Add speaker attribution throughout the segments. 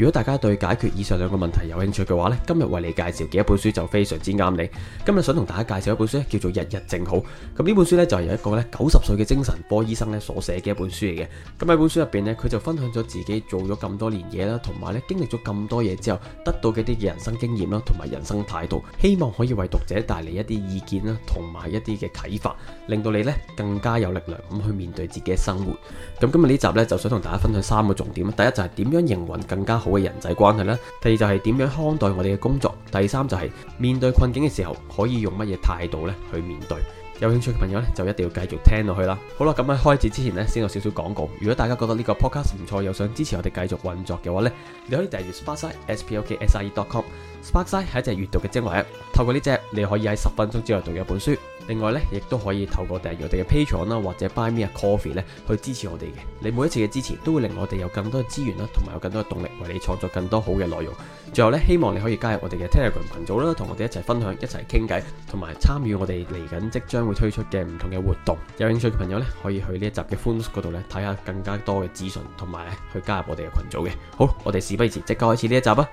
Speaker 1: 如果大家對解決以上兩個問題有興趣嘅話呢，今日為你介紹嘅一本書就非常之啱你。今日想同大家介紹一本書，叫做《日日正好》。咁呢本書呢，就係由一個咧九十歲嘅精神科醫生咧所寫嘅一本書嚟嘅。咁喺本書入邊呢，佢就分享咗自己做咗咁多年嘢啦，同埋咧經歷咗咁多嘢之後，得到嘅啲嘅人生經驗啦，同埋人生態度，希望可以為讀者帶嚟一啲意見啦，同埋一啲嘅啟發，令到你咧更加有力量咁去面對自己嘅生活。咁今日呢集呢，就想同大家分享三個重點。第一就係點樣營運更加好。人際關係咧，第二就係點樣看待我哋嘅工作，第三就係、是、面對困境嘅時候可以用乜嘢態度咧去面對。有興趣嘅朋友咧，就一定要繼續聽落去啦。好啦，咁、嗯、喺開始之前呢，先有少少廣告。如果大家覺得呢個 podcast 唔錯，又想支持我哋繼續運作嘅話呢，你可以訂閲 Spotify spoksi.com。Sparkside 係一隻閱讀嘅精華 app，透過呢隻你可以喺十分鐘之內讀一本書。另外呢，亦都可以透過訂閱我哋嘅 Patreon 啦，或者 Buy Me a Coffee 呢，去支持我哋嘅。你每一次嘅支持都會令我哋有更多嘅資源啦，同埋有更多嘅動力為你創作更多好嘅內容。最後呢，希望你可以加入我哋嘅 Telegram 群組啦，同我哋一齊分享、一齊傾偈，同埋參與我哋嚟緊即將會推出嘅唔同嘅活動。有興趣嘅朋友呢，可以去呢一集嘅 Phones 嗰度呢睇下更加多嘅資訊，同埋去加入我哋嘅群組嘅。好，我哋事不宜遲，即刻開始呢一集啊！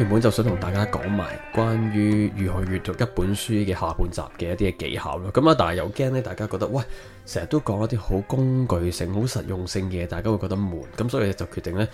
Speaker 1: 原本就想同大家講埋關於如何閱讀一本書嘅下半集嘅一啲技巧咯，咁啊但係又驚咧大家覺得，喂，成日都講一啲好工具性、好實用性嘅嘢，大家會覺得悶，咁所以就決定咧，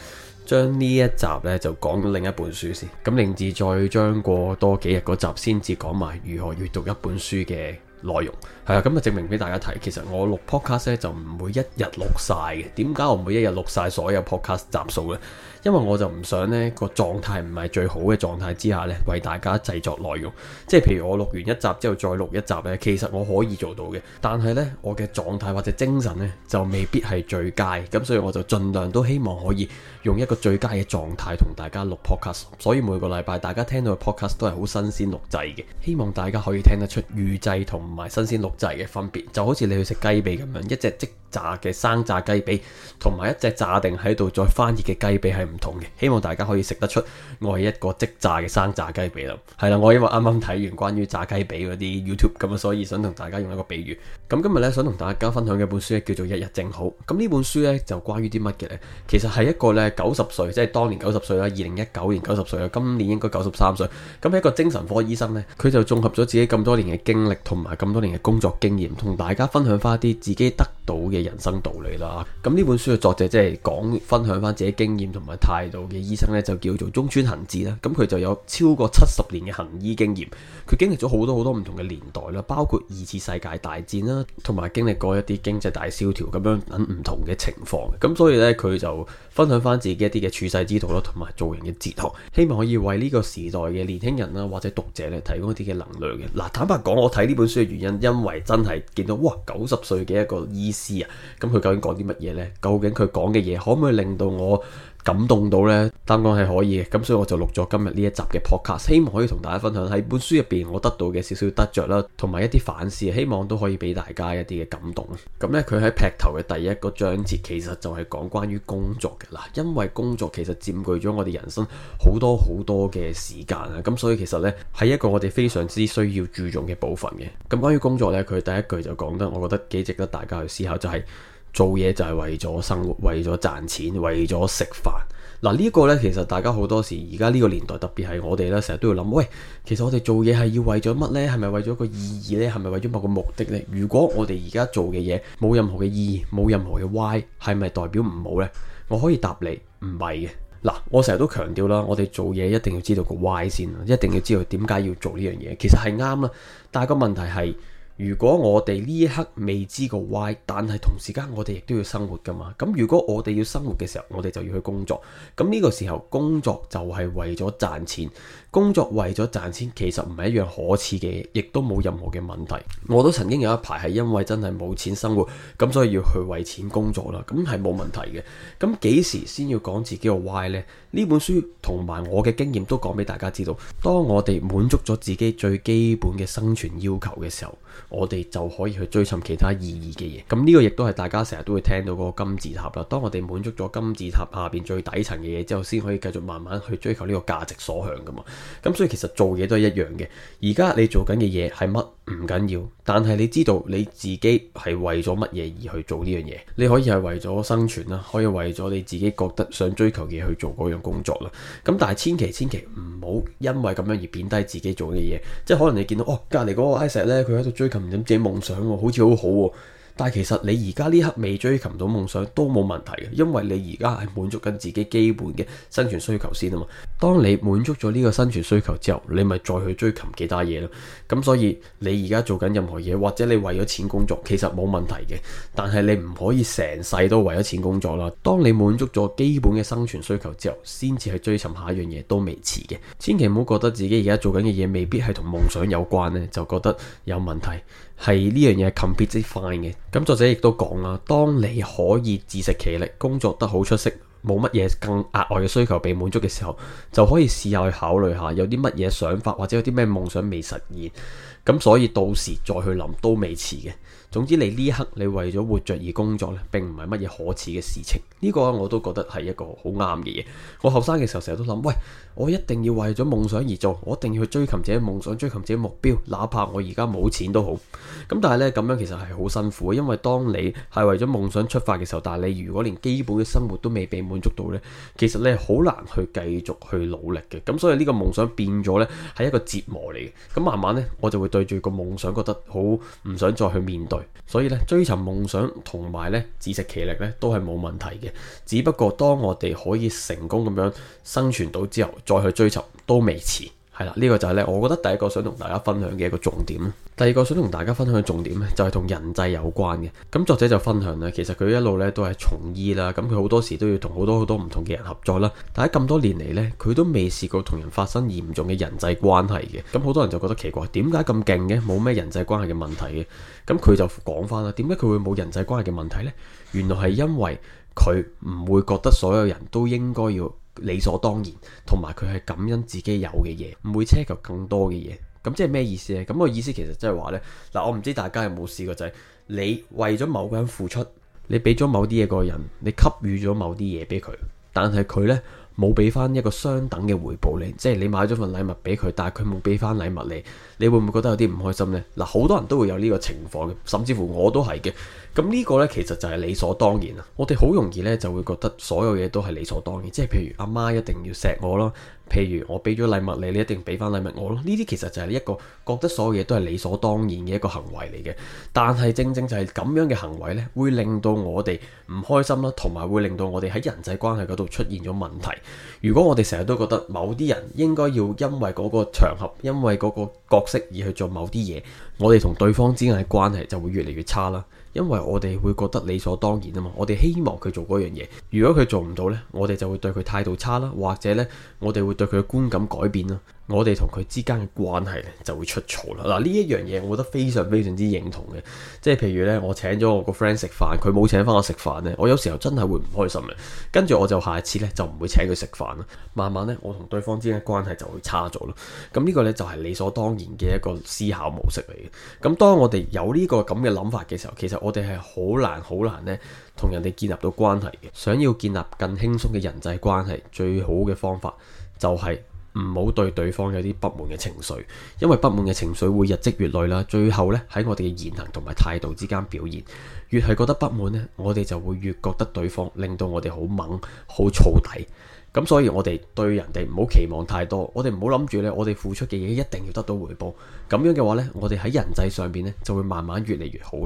Speaker 1: 將呢一集咧就講另一本書先，咁令志再將過多幾日嗰集先至講埋如何閱讀一本書嘅。內容係啊，咁就證明俾大家睇。其實我錄 podcast 咧就唔會一日錄晒嘅。點解我唔會一日錄晒所有 podcast 集數咧？因為我就唔想咧個狀態唔係最好嘅狀態之下咧，為大家製作內容。即係譬如我錄完一集之後再錄一集咧，其實我可以做到嘅。但係咧，我嘅狀態或者精神咧就未必係最佳。咁所以我就盡量都希望可以，用一個最佳嘅狀態同大家錄 podcast，所以每個禮拜大家聽到嘅 podcast 都係好新鮮錄製嘅。希望大家可以聽得出預製同埋新鮮錄製嘅分別，就好似你去食雞髀咁樣，一隻即炸嘅生炸雞髀同埋一隻炸定喺度再翻熱嘅雞髀係唔同嘅。希望大家可以食得出我係一個即炸嘅生炸雞髀啦。係啦，我因為啱啱睇完關於炸雞髀嗰啲 YouTube 咁啊，所以想同大家用一個比喻。咁今日呢，想同大家分享嘅本書叫做《日日正好》。咁呢本書呢，就關於啲乜嘅呢？其實係一個呢。九十歲，即係當年九十歲啦，二零一九年九十歲啦，今年應該九十三歲。咁係一個精神科醫生咧，佢就綜合咗自己咁多年嘅經歷同埋咁多年嘅工作經驗，同大家分享返一啲自己得到嘅人生道理啦。咁呢本書嘅作者即係講分享翻自己經驗同埋態度嘅醫生呢，就叫做中村恒子啦。咁佢就有超過七十年嘅行醫經驗，佢經歷咗好多好多唔同嘅年代啦，包括二次世界大戰啦，同埋經歷過一啲經濟大蕭條咁樣等唔同嘅情況。咁所以呢，佢就分享翻自己一啲嘅處世之道咯，同埋做人嘅哲學，希望可以為呢個時代嘅年輕人啦或者讀者咧提供一啲嘅能量嘅。嗱，坦白講，我睇呢本書嘅原因，因為真係見到哇，九十歲嘅一個醫生。師啊，咁佢究竟講啲乜嘢咧？究竟佢講嘅嘢可唔可以令到我？感動到呢，單講係可以嘅，咁所以我就錄咗今日呢一集嘅 podcast，希望可以同大家分享喺本書入邊我得到嘅少少得着啦，同埋一啲反思，希望都可以俾大家一啲嘅感動。咁呢，佢喺劈頭嘅第一個章節，其實就係講關於工作嘅啦，因為工作其實佔據咗我哋人生好多好多嘅時間啊，咁所以其實呢係一個我哋非常之需要注重嘅部分嘅。咁關於工作呢，佢第一句就講得，我覺得幾值得大家去思考，就係。做嘢就係為咗生活，為咗賺錢，為咗食飯。嗱，呢個呢，其實大家好多時而家呢個年代，特別係我哋咧，成日都要諗，喂，其實我哋做嘢係要為咗乜呢？係咪為咗個意義呢？係咪為咗某個目的呢？如果我哋而家做嘅嘢冇任何嘅意義，冇任何嘅 Y，係咪代表唔好呢？我可以答你唔係嘅。嗱，我成日都強調啦，我哋做嘢一定要知道個 Y 先，一定要知道點解要做呢樣嘢。其實係啱啦，但係個問題係。如果我哋呢一刻未知個 why 但係同時間我哋亦都要生活噶嘛。咁如果我哋要生活嘅時候，我哋就要去工作。咁呢個時候工作就係為咗賺錢，工作為咗賺錢，其實唔係一樣可恥嘅嘢，亦都冇任何嘅問題。我都曾經有一排係因為真係冇錢生活，咁所以要去為錢工作啦。咁係冇問題嘅。咁幾時先要講自己個 why 呢？呢本書同埋我嘅經驗都講俾大家知道，當我哋滿足咗自己最基本嘅生存要求嘅時候。我哋就可以去追尋其他意義嘅嘢，咁呢個亦都係大家成日都會聽到嗰個金字塔啦。當我哋滿足咗金字塔下邊最底層嘅嘢之後，先可以繼續慢慢去追求呢個價值所向㗎嘛。咁所以其實做嘢都係一樣嘅。而家你做緊嘅嘢係乜？唔緊要，但係你知道你自己係為咗乜嘢而去做呢樣嘢？你可以係為咗生存啦，可以為咗你自己覺得想追求嘅嘢去做嗰樣工作啦。咁但係千祈千祈唔好因為咁樣而貶低自己做嘅嘢，即係可能你見到哦，隔籬嗰個 Isaac 咧，佢喺度追求緊自己夢想，好似好好啊。但係其實你而家呢刻未追尋到夢想都冇問題嘅，因為你而家係滿足緊自己基本嘅生存需求先啊嘛。當你滿足咗呢個生存需求之後，你咪再去追尋其他嘢咯。咁所以你而家做緊任何嘢，或者你為咗錢工作，其實冇問題嘅。但係你唔可以成世都為咗錢工作啦。當你滿足咗基本嘅生存需求之後，先至去追尋下一樣嘢都未遲嘅。千祈唔好覺得自己而家做緊嘅嘢未必係同夢想有關呢，就覺得有問題。係呢樣嘢係 completely fine 嘅，咁作者亦都講啦，當你可以自食其力，工作得好出色，冇乜嘢更額外嘅需求被滿足嘅時候，就可以試下去考慮下，有啲乜嘢想法或者有啲咩夢想未實現，咁所以到時再去諗都未遲嘅。總之你呢一刻你為咗活着而工作咧，並唔係乜嘢可恥嘅事情。呢個我都覺得係一個好啱嘅嘢。我後生嘅時候成日都諗：喂，我一定要為咗夢想而做，我一定要去追尋自己夢想，追尋自己目標，哪怕我而家冇錢都好。咁但係咧，咁樣其實係好辛苦，因為當你係為咗夢想出發嘅時候，但係你如果連基本嘅生活都未被滿。滿足到咧，其實咧好難去繼續去努力嘅，咁所以呢個夢想變咗咧係一個折磨嚟嘅，咁慢慢咧我就會對住個夢想覺得好唔想再去面對，所以咧追尋夢想同埋咧自食其力咧都係冇問題嘅，只不過當我哋可以成功咁樣生存到之後，再去追尋都未遲。係啦，呢個就係咧，我覺得第一個想同大家分享嘅一個重點。第二個想同大家分享嘅重點咧，就係同人際有關嘅。咁作者就分享啦，其實佢一路咧都係從醫啦，咁佢好多時都要很多很多同好多好多唔同嘅人合作啦。但喺咁多年嚟呢，佢都未試過同人發生嚴重嘅人際關係嘅。咁好多人就覺得奇怪，點解咁勁嘅，冇咩人際關係嘅問題嘅？咁佢就講翻啦，點解佢會冇人際關係嘅問題呢？原來係因為佢唔會覺得所有人都應該要理所當然，同埋佢係感恩自己有嘅嘢，唔會奢求更多嘅嘢。咁即係咩意思呢？咁個意思其實即係話呢，嗱，我唔知大家有冇試過就係你為咗某個人付出，你俾咗某啲嘢個人，你給予咗某啲嘢俾佢，但係佢呢冇俾翻一個相等嘅回報你，即係你買咗份禮物俾佢，但係佢冇俾翻禮物你，你會唔會覺得有啲唔開心呢？嗱，好多人都會有呢個情況嘅，甚至乎我都係嘅。咁呢個呢，其實就係理所當然啊！我哋好容易呢，就會覺得所有嘢都係理所當然，即係譬如阿媽一定要錫我咯，譬如我俾咗禮物你，你一定俾翻禮物我咯。呢啲其實就係一個覺得所有嘢都係理所當然嘅一個行為嚟嘅。但係正正就係咁樣嘅行為呢，會令到我哋唔開心啦，同埋會令到我哋喺人際關係嗰度出現咗問題。如果我哋成日都覺得某啲人應該要因為嗰個場合、因為嗰個角色而去做某啲嘢，我哋同對方之間嘅關係就會越嚟越差啦。因為我哋會覺得理所當然吖嘛，我哋希望佢做嗰樣嘢。如果佢做唔到呢，我哋就會對佢態度差啦，或者呢，我哋會對佢嘅觀感改變啦。我哋同佢之間嘅關係咧就會出錯啦。嗱呢一樣嘢，我覺得非常非常之認同嘅，即係譬如咧，我請咗我個 friend 食飯，佢冇請翻我食飯咧，我有時候真係會唔開心嘅。跟住我就下一次咧就唔會請佢食飯啦。慢慢咧，我同對方之間關係就會差咗咯。咁呢個咧就係理所當然嘅一個思考模式嚟嘅。咁當我哋有呢個咁嘅諗法嘅時候，其實我哋係好難好難咧同人哋建立到關係嘅。想要建立更輕鬆嘅人際關係，最好嘅方法就係。唔好對對方有啲不滿嘅情緒，因為不滿嘅情緒會日積月累啦。最後咧喺我哋嘅言行同埋態度之間表現，越係覺得不滿咧，我哋就會越覺得對方令到我哋好猛、好燥底。咁所以我哋對人哋唔好期望太多，我哋唔好諗住咧，我哋付出嘅嘢，一定要得到回報。咁樣嘅話咧，我哋喺人際上邊咧就會慢慢越嚟越好。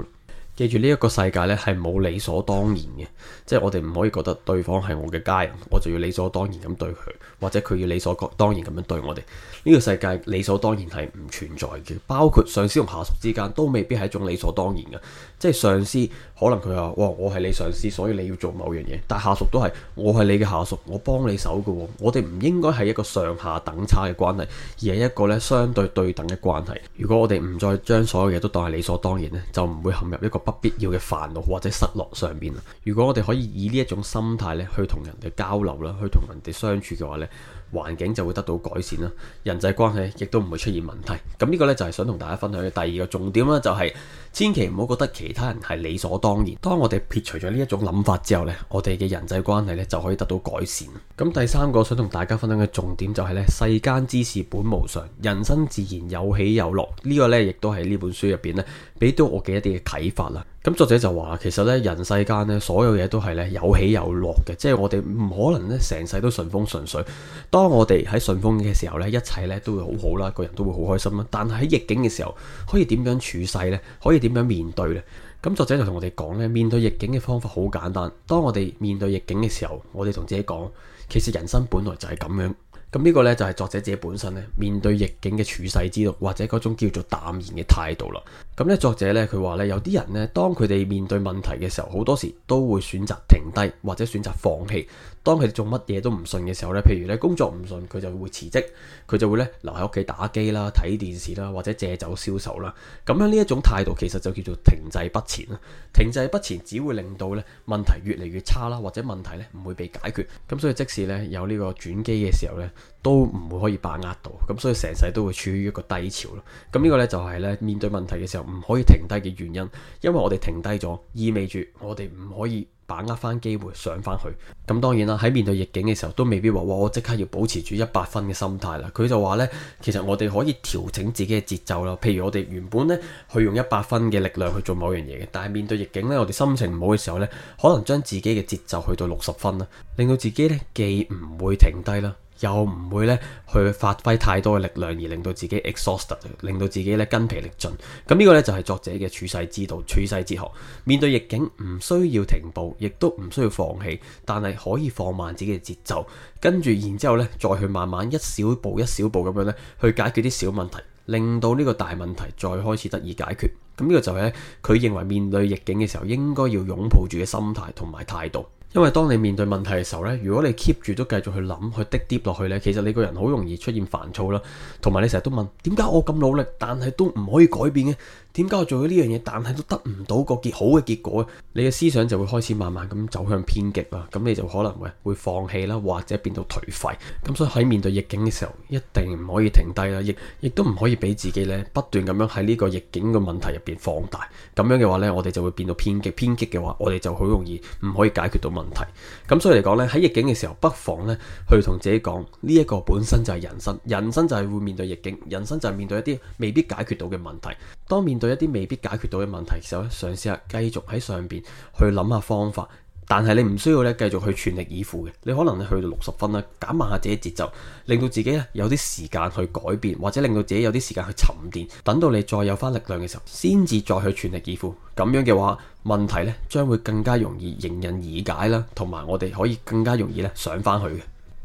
Speaker 1: 記住呢一個世界咧係冇理所當然嘅，即係我哋唔可以覺得對方係我嘅家人，我就要理所當然咁對佢，或者佢要理所當然咁樣對我哋。呢個世界理所當然係唔存在嘅，包括上司同下屬之間都未必係一種理所當然嘅。即係上司可能佢話：哇，我係你上司，所以你要做某樣嘢。但係下屬都係，我係你嘅下屬，我幫你手嘅喎。我哋唔應該係一個上下等差嘅關係，而係一個咧相對對等嘅關係。如果我哋唔再將所有嘢都當係理所當然咧，就唔會陷入一個不必要嘅煩惱或者失落上邊，啊！如果我哋可以以呢一種心態咧，去同人哋交流啦，去同人哋相處嘅話咧。環境就會得到改善啦，人際關係亦都唔會出現問題。咁呢個呢，就係、是、想同大家分享嘅第二個重點啦，就係、是、千祈唔好覺得其他人係理所當然。當我哋撇除咗呢一種諗法之後呢，我哋嘅人際關係呢，就可以得到改善。咁第三個想同大家分享嘅重點就係、是、呢：世間之事本無常，人生自然有起有落。呢、這個呢，亦都係呢本書入邊呢，俾到我嘅一啲嘅啟發啦。咁作者就話，其實咧，人世間咧，所有嘢都係咧有起有落嘅，即係我哋唔可能咧成世都順風順水。當我哋喺順風嘅時候咧，一切咧都會好好啦，個人都會好開心啦。但係喺逆境嘅時候，可以點樣處世咧？可以點樣面對咧？咁作者就同我哋講咧，面對逆境嘅方法好簡單。當我哋面對逆境嘅時候，我哋同自己講，其實人生本來就係咁樣。咁呢個咧就係、是、作者自己本身咧面對逆境嘅處世之道，或者嗰種叫做淡然嘅態度啦。咁咧，作者咧，佢話咧，有啲人咧，當佢哋面對問題嘅時候，好多時都會選擇停低，或者選擇放棄。當佢哋做乜嘢都唔順嘅時候咧，譬如咧工作唔順，佢就會辭職，佢就會咧留喺屋企打機啦、睇電視啦，或者借酒消愁啦。咁樣呢一種態度其實就叫做停滯不前啦。停滯不前只會令到咧問題越嚟越差啦，或者問題咧唔會被解決。咁所以即使咧有呢個轉機嘅時候咧。都唔會可以把握到，咁所以成世都會處於一個低潮咯。咁呢個呢，就係咧面對問題嘅時候唔可以停低嘅原因，因為我哋停低咗，意味住我哋唔可以把握翻機會上翻去。咁當然啦，喺面對逆境嘅時候都未必話哇，我即刻要保持住一百分嘅心態啦。佢就話呢，其實我哋可以調整自己嘅節奏啦。譬如我哋原本呢去用一百分嘅力量去做某樣嘢嘅，但係面對逆境呢，我哋心情唔好嘅時候呢，可能將自己嘅節奏去到六十分啦，令到自己呢既唔會停低啦。又唔會咧去發揮太多嘅力量，而令到自己 exhausted，令到自己咧筋疲力盡。咁呢個咧就係作者嘅處世之道、處世哲學。面對逆境，唔需要停步，亦都唔需要放棄，但係可以放慢自己嘅節奏。跟住然之後咧，再去慢慢一小步一小步咁樣咧去解決啲小問題，令到呢個大問題再開始得以解決。咁呢個就係咧佢認為面對逆境嘅時候應該要擁抱住嘅心態同埋態度。因為當你面對問題嘅時候呢，如果你 keep 住都繼續去諗去滴跌落去呢，其實你個人好容易出現煩躁啦，同埋你成日都問點解我咁努力，但係都唔可以改變呢。點解我做咗呢樣嘢，但係都得唔到個極好嘅結果？你嘅思想就會開始慢慢咁走向偏激啊！咁你就可能會會放棄啦，或者變到頹廢。咁所以喺面對逆境嘅時候，一定唔可以停低啦，亦亦都唔可以俾自己呢不斷咁樣喺呢個逆境嘅問題入邊放大。咁樣嘅話呢，我哋就會變到偏激。偏激嘅話，我哋就好容易唔可以解決到問題。咁所以嚟講呢，喺逆境嘅時候，不妨呢去同自己講：呢一個本身就係人生，人生就係會面對逆境，人生就係面對一啲未必解決到嘅問題。當面。對一啲未必解決到嘅問題嘅時候咧，嘗試下繼續喺上邊去諗下方法，但係你唔需要咧繼續去全力以赴嘅，你可能咧去到六十分啦，減慢下自己節奏，令到自己咧有啲時間去改變，或者令到自己有啲時間去沉澱，等到你再有翻力量嘅時候，先至再去全力以赴。咁樣嘅話，問題咧將會更加容易迎刃而解啦，同埋我哋可以更加容易咧上翻去嘅。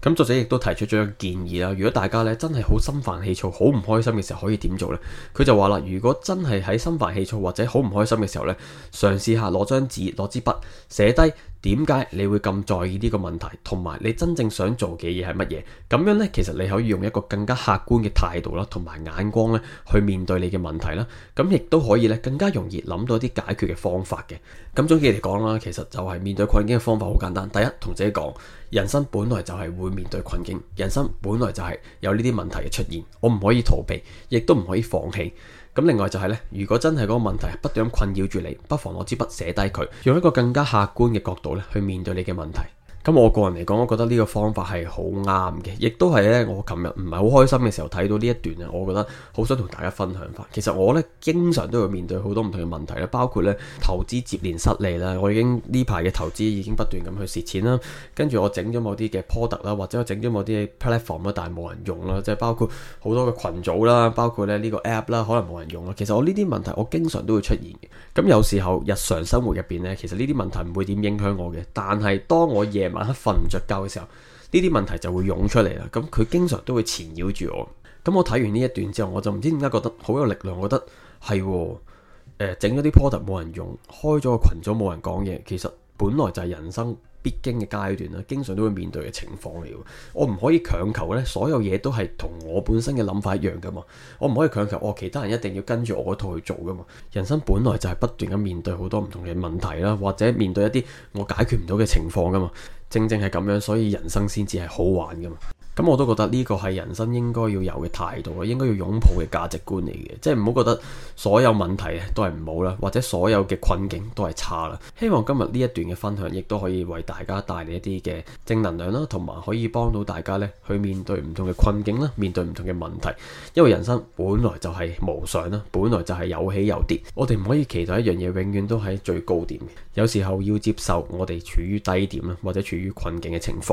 Speaker 1: 咁作者亦都提出咗一個建議啦，如果大家咧真係好心煩氣躁、好唔開心嘅時候，可以點做呢？佢就話啦，如果真係喺心煩氣躁或者好唔開心嘅時候呢，嘗試下攞張紙、攞支筆寫低點解你會咁在意呢個問題，同埋你真正想做嘅嘢係乜嘢？咁樣呢，其實你可以用一個更加客觀嘅態度啦，同埋眼光呢，去面對你嘅問題啦。咁亦都可以呢，更加容易諗到啲解決嘅方法嘅。咁總結嚟講啦，其實就係面對困境嘅方法好簡單，第一，同自己講。人生本來就係會面對困境，人生本來就係有呢啲問題嘅出現，我唔可以逃避，亦都唔可以放棄。咁另外就係咧，如果真係嗰個問題不斷咁困擾住你，不妨攞支筆寫低佢，用一個更加客觀嘅角度咧去面對你嘅問題。咁我個人嚟講，我覺得呢個方法係好啱嘅，亦都係咧，我琴日唔係好開心嘅時候睇到呢一段啊，我覺得好想同大家分享翻。其實我咧經常都會面對好多唔同嘅問題啦，包括咧投資接連失利啦，我已經呢排嘅投資已經不斷咁去蝕錢啦。跟住我整咗某啲嘅 product 啦，或者我整咗某啲 platform 啦，但係冇人用啦，即係包括好多嘅群組啦，包括咧呢個 app 啦，可能冇人用啦。其實我呢啲問題我經常都會出現嘅。咁有時候日常生活入邊咧，其實呢啲問題唔會點影響我嘅，但係當我夜。晚黑瞓唔着覺嘅時候，呢啲問題就會湧出嚟啦。咁佢經常都會纏繞住我。咁我睇完呢一段之後，我就唔知點解覺得好有力量，我覺得係誒整咗啲 product 冇人用，開咗個群組冇人講嘢。其實本來就係人生。必經嘅階段啦，經常都會面對嘅情況嚟喎。我唔可以強求呢，所有嘢都係同我本身嘅諗法一樣噶嘛。我唔可以強求我、哦、其他人一定要跟住我嗰套去做噶嘛。人生本來就係不斷咁面對好多唔同嘅問題啦，或者面對一啲我解決唔到嘅情況噶嘛。正正係咁樣，所以人生先至係好玩噶嘛。咁我都覺得呢個係人生應該要有嘅態度咯，應該要擁抱嘅價值觀嚟嘅，即係唔好覺得所有問題都係唔好啦，或者所有嘅困境都係差啦。希望今日呢一段嘅分享亦都可以為大家帶嚟一啲嘅正能量啦，同埋可以幫到大家呢去面對唔同嘅困境啦，面對唔同嘅問題。因為人生本來就係無常啦，本來就係有起有跌，我哋唔可以期待一樣嘢永遠都喺最高點嘅。有時候要接受我哋處於低點啦，或者處於困境嘅情況。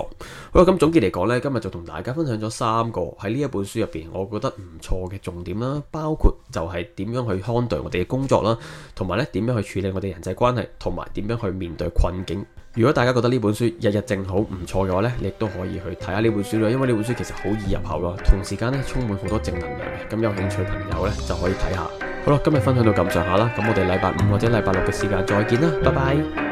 Speaker 1: 好啦，咁總結嚟講呢，今日就同大家分享咗三個喺呢一本書入邊，我覺得唔錯嘅重點啦，包括就係點樣去看待我哋嘅工作啦，同埋咧點樣去處理我哋人際關係，同埋點樣去面對困境。如果大家覺得呢本書日日正好唔錯嘅話呢，你亦都可以去睇下呢本書啦，因為呢本書其實好易入口咯，同時間咧充滿好多正能量嘅。咁有興趣朋友呢，就可以睇下。好啦，今日分享到咁上下啦，咁我哋禮拜五或者禮拜六嘅時間，再見啦，拜拜。